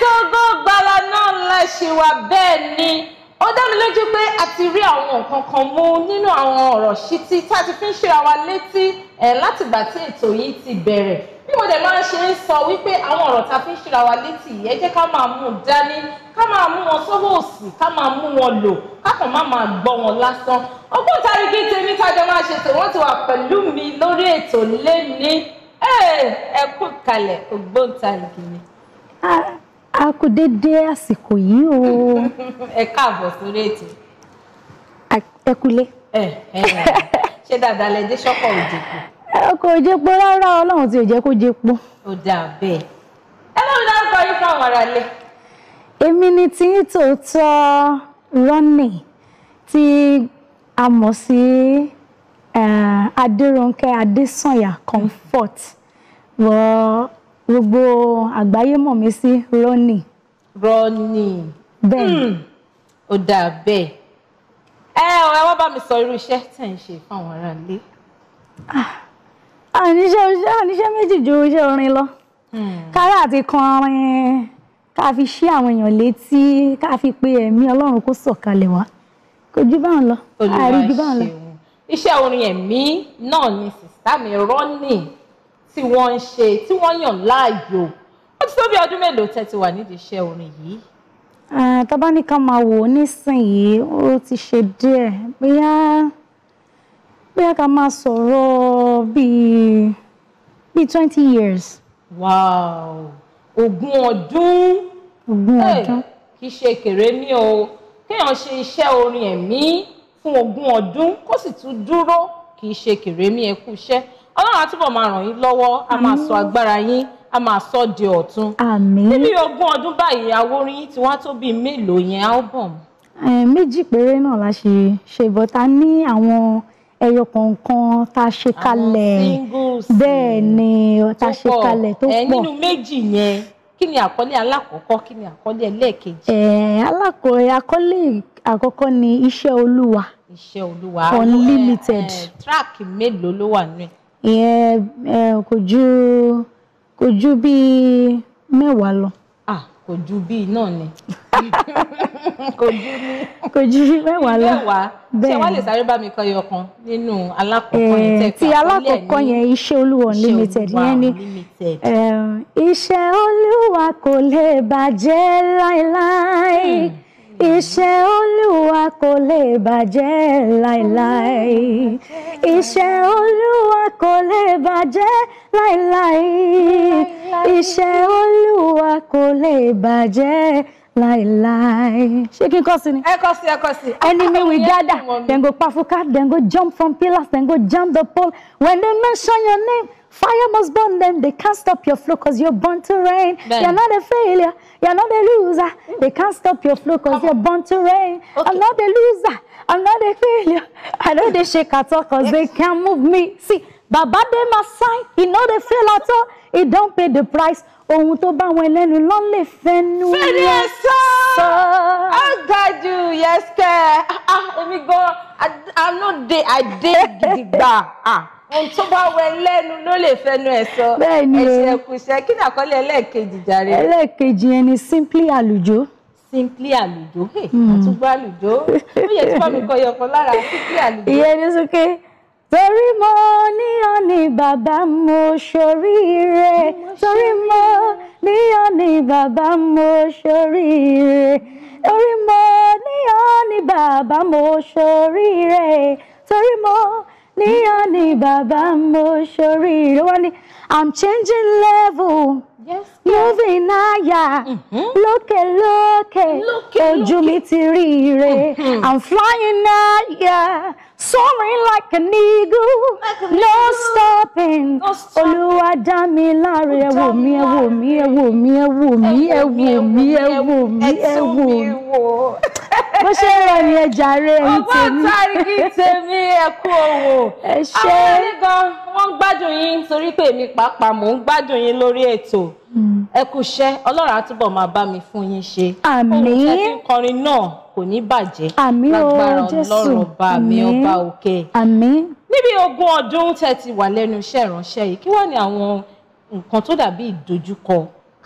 ètò Ògo náà la ṣì wà bẹ́ẹ̀ ni ó dá mi lójú pé a ti rí àwọn nǹkan kan mú nínú àwọn ọ̀rọ̀ ṣítí tá a ti fi ń ṣe àwa létí ẹ̀ látìgbà tí ètò yìí ti bẹ̀rẹ̀ bí mo dẹ̀ máa ṣe ń sọ wípé àwọn ọ̀rọ̀ tá a fi ń ṣe àwa létí yìí ẹ jẹ́ ká máa mú un dání ká máa mú wọn sọ́wọ́ òsì ká máa mú wọn lò ká kàn má máa gbọ́ wọn lásán ògbóǹtarìgì tèmi tájọ máa ṣe tò ti wà pẹ̀lú mi lórí ètò lẹ́ni ẹ kú kalẹ̀ ògbóǹtarìgì mi a kú dédé àsìkò yìí o. ẹ káàbọ̀ sórí ètò. ẹ kúlé. ṣé dáadáa lẹ dé ṣọ́kọ̀ òjèpo. ọkọ̀ òjèpo rárá ọlọ́run tí ò jẹ́ kó jẹ́po. ó dáa bẹ́ẹ̀. ẹ bá mi dárúkọ yín fún ará ilé. èmi ni tí ń tòótọ́ Ronnie tí a mọ̀ sí Adérónkẹ́ Adésànyà Comfort wọ́n gbogbo àgbáyé mọ̀ mí sí Ronnie. Ronnie. bẹ́ẹ̀ hmm. ó dáa bẹ́ẹ̀ ẹ ẹ wá bá mi sọ irú iṣẹ́ tẹ̀ ń ṣe fáwọn aráalé. àníṣe ah, àníṣe méjì ju iṣẹ́ orin lọ hmm. kárí àti kọrin ká fi ṣí àwọn èèyàn létí ká fi pe ẹ̀mí Ọlọ́run kó sọ̀kalẹ̀ wá kò ju báwọn lọ àárí ju báwọn lọ. iṣẹ́ orin ẹ̀mí náà ni sìsá mi Ronnie tí wọ́n ń ṣe tí wọ́n yàn láàyò ó ti tó bí ọdún mélòó tẹ́ ti wà nídìí iṣẹ́ orin yìí. tó bá ní ká máa wò ó nísìnyìí ó ti ṣe díẹ̀ bóyá bóyá ká máa sọ̀rọ̀ bíi bíi twenty years. wow ogún ọdún. ogún ọdún. kì í ṣe kéré mi o kéèyàn ṣe iṣẹ́ orin ẹ̀mí fún ogún ọdún kó sì tún dúró kì í ṣe kéré mi ẹ iṣẹ́ ọlọ́run á túbọ̀ máa ràn yín lọ́wọ́ á máa sọ agbára yín á máa sọ di ọ̀tun. àmín níbi ogún ọdún báyìí àwòrán yín ti wá tó bíi mélòó yẹn album. méjì péré náà la ṣe ṣe bọ́tà ní àwọn ẹyọ kọ̀ọ̀kan tá a ṣe kalẹ̀ bẹ́ẹ̀ ni tá a ṣe kalẹ̀ tó pọ̀. nínú méjì yẹn kí ni àkọlé alákọ̀ọ́kọ́ kí ni àkọlé ẹlẹ́ẹ̀kejì. àkọlé àkọ́kọ́ ni iṣẹ́ olúwa. iṣẹ́ olúwa unlimited. track mélòó ló wà nínú ẹ̀ ìyẹn kò ju kò ju bíi mẹ́wàá lọ. ah kò ju bíi náà ni kò ju ní kò ju bíi mẹ́wàá lọ bẹ́ẹ̀ ṣé wàá lè sáré bá mi kọ ẹyọ kan nínú alákọ̀ọ́kọ́ yẹn tẹ̀ ti alákọ̀ọ́kọ́ yẹn iṣẹ́ olúwa unlimited yẹn ni iṣẹ́ olúwa kò lè bàjẹ́ láéláé hmm. iṣẹ́ olúwa kò lè lai lai. iṣẹ́ olúwa kò lè bàjẹ́ láéláé iṣẹ́ olúwa kò lè bàjẹ́ láéláé. ṣé kí n kọ́ sí ni. ẹ kọ́ sí ẹ kọ́ sí. enemy we gather dem go pafuka dem go jump from pillars dem go jump the pole when they mention your name. Fire must burn them. They can't stop your flow because you're born to rain. Ben. You're not a failure. You're not a loser. They can't stop your flow because you're born to rain. Okay. I'm not a loser. I'm not a failure. I know they shake at all because they can't move me. See, Baba they must sign. He know they fail at all. He don't pay the price. Ohun tó bá wọn lẹ́nu ló lè fẹ́nu. Fẹ́ni ẹ sọ. Ó ga jù yẹ́sẹ̀. Èmi gan-an, I know dey, I dey Ah ohun tó bá wẹ lẹ́nu ló lè fẹnu ẹ̀ sọ ẹ̀ṣẹ̀ kùṣẹ́ kí ni àkọlé ẹlẹ́ẹ̀kejì jàre. ẹlẹ́ẹ̀kejì yẹn ni simply àlùjó. simply àlùjó àtúgbò hmm. àlùjó ó yẹ tí wọ́n kọ yọkan lára simply àlùjó. ìyẹn ní sókè torí mo ní ọ ní bàbá mo ṣoríire torí mo ní ọ ní bàbá mo ṣoríire torí mo ní ọ ní bàbá mo ṣoríire torí mo níyàn ni bàbá mo i'm changing level yes, moving higher mm-hmm. Look, lókè lókè ojú mi ti rí ire mm-hmm. i'm flying higher soaring like an eagle no stopping olúwa dá mi láre ẹ wò mí ẹ wò mí ẹ wò mí ẹ wò mí ẹ wò mí ẹ wò mí ẹ wò mí bó ṣe ń lọ ní ẹja rẹ ní tèmi. ògbóǹtarìgì tèmi ẹ̀kú òwò. ẹ ṣe àwọn onígan wọ́n ń gbádùn yín torí pé èmi pàápàá mò ń gbádùn yín lórí ètò. Hmm. ẹ kú iṣẹ́ ọlọ́run á máa bá mi fún yín ṣe. àmín kọrin náà kò ní bàjẹ́. àmín o jésù lágbára ọlọ́run bá mi ọba òkè. àmín. níbi ogún ọdún tẹ́ ti wà lẹ́nu iṣẹ́ ìránṣẹ́ yìí kí wọ́n ní àwọn nǹkan tó dàbí ìdojúkọ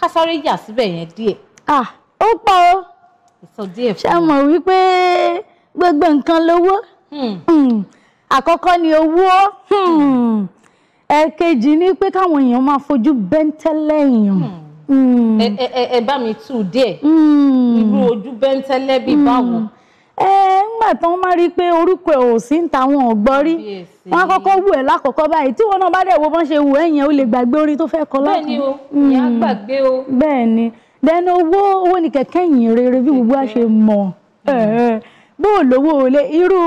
kásáré yà síbẹ̀ yẹn díẹ̀. ah ó pọ̀ o ṣé mọ̀ wípé gbogbo nǹkan lówó hmm. Hmm. àkọ́kọ́ ni owó ẹ̀ẹ̀kejì hmm. ni pé káwọn èèyàn máa fojú bẹ́ńtẹ́lẹ̀ èèyàn ẹ bá mi tú díẹ̀ irú ojú bẹ́ńtẹ́lẹ́ bíi báwo. ẹ ńgbà tó ń máa rí i pé orúkọ ẹ ò sí ń ta wọn rí wọn á kọ́kọ́ wù ẹ́ lákọ̀ọ́kọ́ báyìí tí wọn náà bá dẹ̀ wo bọ́n ṣe wù ẹ́ yẹn ó lè gbàgbé orin tó fẹ́ kọ lákàn. bẹ́ẹ̀ o ìyá gbàgbé o. bẹ́ẹ̀ then owó owó ni kẹ̀kẹ́ yìn rere bí gbogbo a mọ̀ mm. bó o lówó o lé irú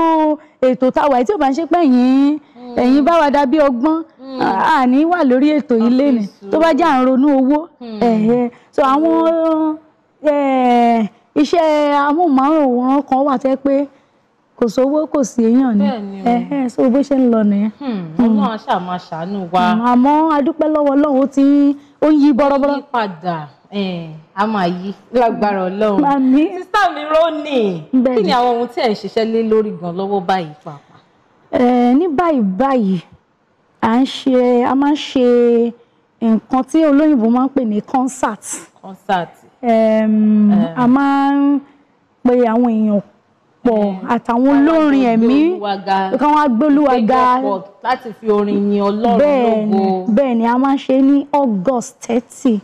ètò táwa tí o bá ń ṣe pé yín mm. ẹ̀yin bá wa dà bí ọgbọ́n àní mm. wà lórí ètò ilé ni tó bá jẹ́ à ń ronú owó so àwọn iṣẹ́ amóhùnmáwòrán kan wà tẹ́ pé kò sówó kò sí èèyàn ni so bó ṣe ń lọ nìyẹn. Hmm, hmm. ọlọ́run ṣáà máa ṣàánú wa. Hmm, àmọ́ adúpẹ́ lọ́wọ́ ọlọ́run ó ti ń yí bọ́rọ́bọ́rọ́. ó yí padà. Eh, a máa yí lágbára Ọlọ́run àmín sísá mi Rónì kí ni àwọn ohun tí ẹ ń ṣiṣẹ́ lé lórí gan lọ́wọ́ báyìí pàápàá. Eh, ní báyìí báyìí à ń ṣe a máa ń ṣe nǹkan tí olóyìnbó máa ń pè ní concert. concert. Eh. a máa ń pe àwọn èèyàn pọ̀ àtàwọn olórin ẹ̀mí kan wá gbólúwaga láti fi orin yin Ọlọ́run lógo. bẹ́ẹ̀ ni a máa ń ṣe ní August thirty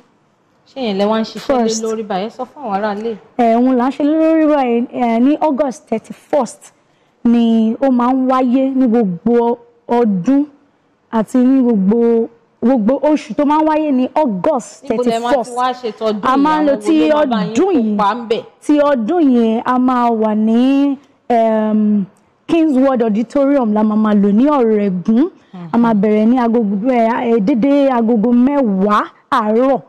ṣé yẹn lẹ wá ń ṣiṣẹ́ lé lórí báyìí sọ fún àwọn aráalé. ẹ̀hún là ń ṣe lórí báyìí ní August thirty first ni ó máa ń wáyé ní gbogbo ọdún àti ní gbogbo gbogbo oṣù tó máa ń wáyé ní August thirty first a máa lo ti ọdún yìí ti ọdún yìí a máa wà ní King's World Auditorium la máa máa lò ní Ọ̀rẹ́gùn a máa bẹ̀rẹ̀ ní agogo dédé agogo mẹ́wàá àárọ̀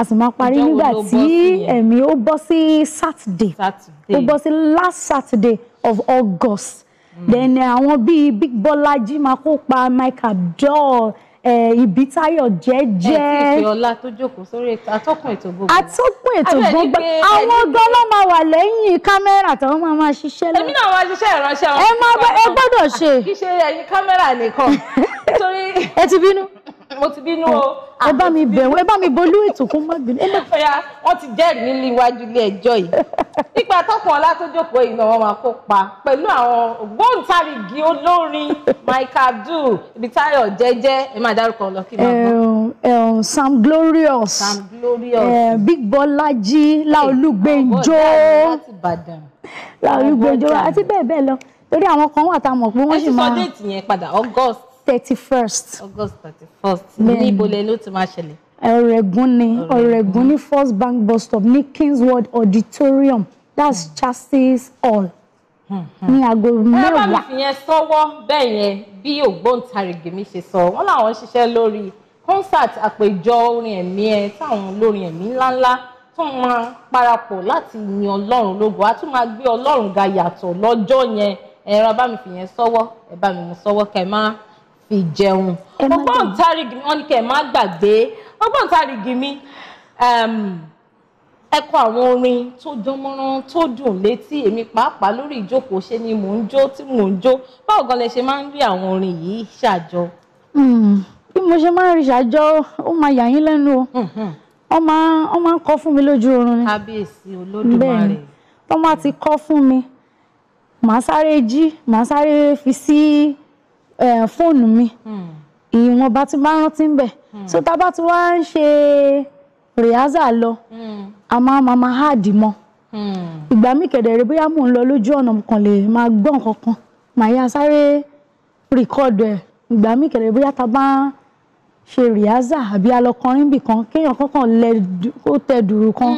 a sì máa parí nígbà tí ẹ̀mí ó bọ́ sí Saturday ó bọ́ sí last Saturday of August mm. then eh, àwọn bíi Big Bọ́lájí máa kópa Mike Abdul ibi eh, táyọ̀ jẹ́jẹ́. ẹ ti fi ọlá tó jókòó sórí atọ́kùn ètò gbogbo. atọ́kùn ètò gbogbo àwọn ọgbọ́n ló máa wà lẹ́yìn kámẹ́rà tó máa máa ṣiṣẹ́ lọ. èmi náà máa ṣiṣẹ́ ìránṣẹ́ wọn. ẹ máa ẹ gbọ́dọ̀ ṣe. kì í ṣe ẹyin kámẹ́rà nìkan. ẹ ti bínú mo ti bínú o. ẹ bá mi bẹ̀wọ̀ ẹ bá mi bolú ètò kó má bínú. ọ̀ya wọ́n ti jẹ́rìí nílé iwájú ilé ẹjọ́ yìí. nípa tọkùn ọlá tó jókòó yìí náà wọ́n máa kópa pẹ̀lú àwọn ògbóǹtarìgì olórin Michael Du Ibitayo Jẹ́jẹ́ ẹ máa dárúkọ lọ kí n máa gbọ́. Sam Glorious Sam Glorious eh, Big Bọ́lájí Láolúgbẹ́njọ́ Láolúgbẹ́njọ́ àti bẹ́ẹ̀ bẹ́ẹ̀ lọ torí àwọn kan wà tá a mọ̀ pé wọ́n sì máa. ẹ ti sọ déètì yẹn padà August thirty first. August thirty first ní ìbòlẹ̀ ló ti máa ṣẹlẹ̀. Ọ̀rẹ́gùn ni Ọ̀rẹ́gùn ní First Bank Bus Stop ní Kingswood Auditorium that's mm. Chassis Hall hmm, hmm. ní aago mẹ́wàá. ẹ bá mi fìyẹn sọ́wọ́ bẹ́ẹ̀ yẹn bí ògbóǹtarìgì mi ṣe sọ wọ́n làwọn ṣiṣẹ́ lórí concert àpèjọ orin ẹ̀mí ẹ táwọn olórin ẹ̀mí ńláńlá tún máa parapọ̀ láti yin ọlọ́run lógo a tún máa gbé ọlọ́run ga yàtọ̀ lọ́jọ́ yẹn ẹ̀rọ bá sọ́wọ́ ẹ bá mi mú sọ́wọ́ kẹ́ máa fi jẹun ọgbọ́ntarìgì wọn ni kẹ́ ẹ̀ má gbàgbé ọgbọ́ntarìgì mi um, ẹkọ àwọn orin tó dánmọ́rán tó dùn létí èmi pàápàá lórí ìjókòó ṣe ni mò ń jó tí mò ń jó báwo gan lẹ ṣe máa ń rí àwọn orin yìí ṣàjọ. Hmm, bí mo ṣe máa ń rí ṣàjọ ó máa yà yín lẹ́nu o wọ́n máa ń kọ́ fún mi lójú oorun ni kábíyèsí olódùmarè wọ́n máa ti kọ́ fún mi màá sáré jí màá sáré fi sí. Eh, fóònù mi hmm. ìwọ̀nba tí bá rántí ń bẹ̀ hmm. so tá a bá ti wá ń ṣe rìhásà lọ hmm. a máa máa máa háàdì mọ́ ìgbà mi kẹ̀dẹ̀rẹ̀ bóyá mò ń lọ lójú ọ̀nà kan lè máa gbọ́ nǹkan kan màá yá sáré rìkọ́ọ̀dù ẹ̀ ìgbà mi kẹ̀dẹ̀rẹ̀ bóyá tá a bá ṣe rìhásà àbí alọ́kọrin bì kéèyàn kankan lẹ kó tẹ dùrù kan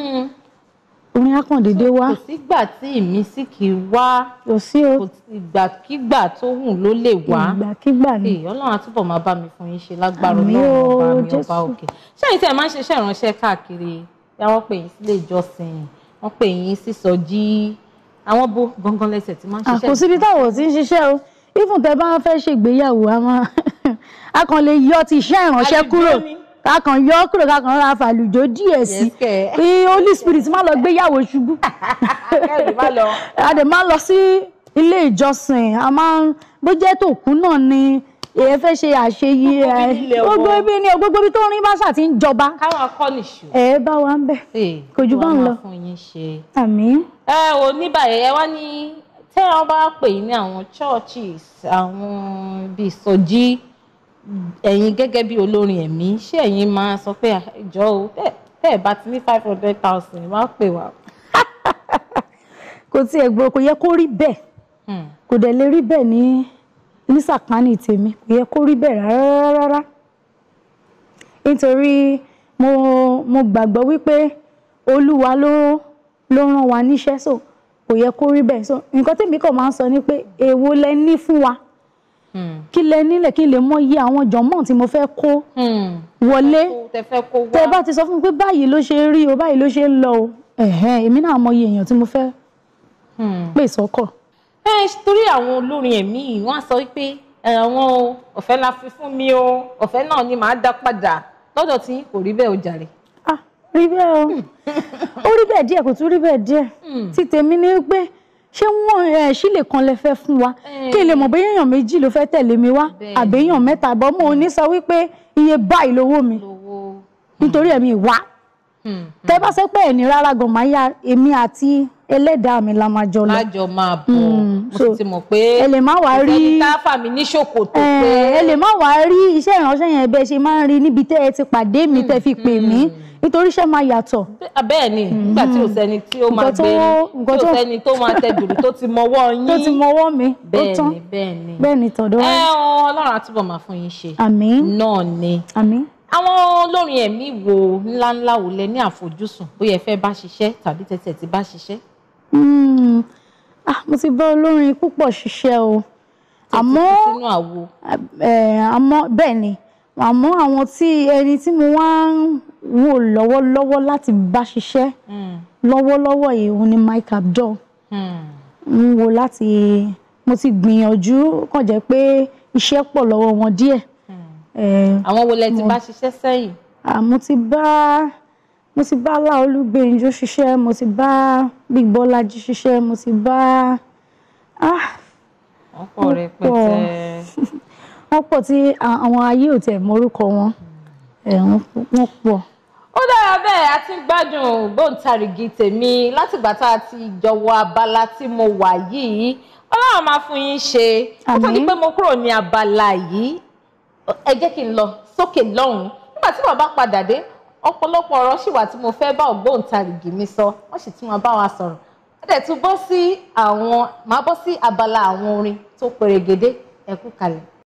orin akàndédé wá. kò sígbà tí ìmísí kì í wá kò sí o kò ìgbàkígbà tó wù ló lè wá ìgbàkígbà ni. ọlọ́run àtúbọ̀ máa bá mi fún yín ṣe lágbára ọlọ́run ọba mi ọba òkè. sẹ́yìn tí ẹ máa ń ṣiṣẹ́ ìránṣẹ́ káàkiri wọ́n pè yín sílé ìjọsìn wọ́n pè yín sísọjí àwọn bo gangan lẹ́sẹ̀ tí máa ń ṣiṣẹ́. àkòsíbi táwọn ò ti ń ṣiṣẹ́ o ifun bá fẹ́ ṣègbéyàwó a máa a yọ ti iṣẹ́ ìránṣẹ́ kúrò kákan yọ kúrò kákan ra fàlùjọ díẹ̀ sí i holy spirit má lọ gbéyàwó ṣubú adè má lọ sí ilé ìjọsìn a máa ń bó jẹ́ tòkú náà ni èyí fẹ́ ṣe àṣeyí ẹ gbogbo ibi ni gbogbo ibi tó ń rí bá ṣà ti ń jọba káwọn akọ́nìṣù ẹ bá wa ń bẹ kojú bá ń lọ àmín. ẹ ò ní báyìí ẹ wá ní tẹ́ bá pè ní àwọn churches àwọn ibi ìsọjí. So ẹ̀yin gẹ́gẹ́ bí olórin ẹ̀mí ṣé ẹ̀yin máa sọ pé àjọ o tẹ́ ẹ̀ bá ti ní five hundred thousand máa pè wá. kò tiẹ̀ gbọ́ kò yẹ kó rí bẹ́ẹ̀ hmm. kò dẹ̀ lè rí bẹ́ẹ̀ ní ní tèmi kò yẹ kó rí bẹ́ẹ̀ rárá nítorí mo mo gbàgbọ́ wípé olúwa ló ló rán wa níṣẹ́ so kò yẹ kó rí bẹ́ẹ̀ so nǹkan tèmi kàn máa ń sọ ni pé èwo lẹ ní fún wa Hmm. kí lẹ nílẹ̀ kí n lè mọ iye àwọn jọ̀mọ́ tí mo fẹ́ kó hmm. wọlé tẹ bá ti sọ fún mi pé báyìí ló ṣe rí o báyìí ló ṣe ń lọ o èmi náà mọ iye èèyàn tí mo fẹ́ hmm. pè sọ́kọ̀. ẹ torí àwọn olórin ẹ̀mí wọ́n á sọ pé àwọn ọ̀fẹ́ la fi fún mi o ọ̀fẹ́ náà ni màá dá padà lọ́dọ̀ tí kò rí bẹ́ẹ̀ o jàre ah, rí bẹ́ẹ̀ o ó rí bẹ́ẹ̀ díẹ̀ kò tún rí bẹ́ẹ̀ díẹ̀ tí tèmi ní pé ṣé wọ́n ẹ̀ sílè kan lẹ fẹ́ fún wa eh. kí n lè mọ̀ bóyá èèyàn méjì ló fẹ́ tẹ̀lé mi wá àbí èèyàn mẹ́ta bọ́ mo ní sọ wípé iye báyìí lówó mi nítorí ẹ̀mí wá hmm. tẹ bá sọ pé ẹni rárá gan máa yá èmi àti ẹlẹ́dàá mi la máa jọ lọ. lájọ máa bọ̀ hmm. mo ti mọ̀ pé ẹ lè má wàá rí ìfẹ́ni táfà mi ní ṣòkòtò eh, pé. ẹ lè má wàá rí iṣẹ́ ìránṣẹ́ yẹn bẹ́ẹ̀ ṣe máa ń rí níbi tẹ́ ẹ ti pàdé mi hmm. tẹ́ fi pè mí nítorí iṣẹ́ máa yàtọ̀. Ah, bẹ́ẹ̀ ni hmm. nígbà tí ò tí ó máa gbé tí ò tó máa tẹ tó ti mọwọ́ yín tó ti mọwọ́ mi ó tán bẹ́ẹ̀ tọ̀dọ̀ wa. ẹ ọlọ́run àtúbọ̀ máa fún yín ṣe. àmín náà ni. àmín. àwọn olórin ẹ̀mí wo ńláńlá wo lẹ ní àfojúsùn bóyá ẹ fẹ́ bá ṣiṣẹ́ tàbí tẹ̀tẹ̀ ti bá ṣiṣẹ́. Hmm. Ah, mo ti bá olórin púpọ̀ ṣiṣẹ́ o àmọ́ eh, bẹ́ẹ̀ ni àmọ́ àwọn tí ẹni tí mo wá ń wò lọ́wọ́lọ́wọ́ láti bá ṣiṣẹ́ hmm. lọ́wọ́lọ́wọ́ yìí òun ni Mike Abdul ń hmm. wo láti mo ti gbìyànjú kàn jẹ́ pé iṣẹ́ pọ̀ lọ́wọ́ wọn díẹ̀. Hmm. Eh, àwọn wo lẹ ti bá ṣiṣẹ́ sẹ́yìn. mo ti bá mo ti bá Láolú Gbénjó ṣiṣẹ́ mo ti bá Big Bọ́lájí ṣiṣẹ́ mo ti bá. wọ́n pọ̀ rẹpẹtẹ wọ́n pọ̀ tí àwọn ayé ò tẹ̀ mọ́rúkọ wọn wọ́n pọ̀. ó dára bẹ́ẹ̀ a ti ń gbádùn gbóǹtarìgì tèmi látìgbà tá a ti jọwọ́ abala tí mo wà yìí ọlọ́run máa fún yín ṣe ó tó di pé mo kúrò ní abala yìí ẹ jẹ́ kí n lọ sókè lọ́hùn-ún nígbà tí bàbá padà dé ọ̀pọ̀lọpọ̀ ọ̀rọ̀ sì wà tí mo fẹ́ bá ògbóǹtarìgì mi sọ wọ́n sì tún máa bá wa sọ̀rọ̀ ó dẹ̀ tún bọ́ sí àwọn máa bọ́ sí abala àwọn orin tó pèrègédé ẹ kalẹ̀.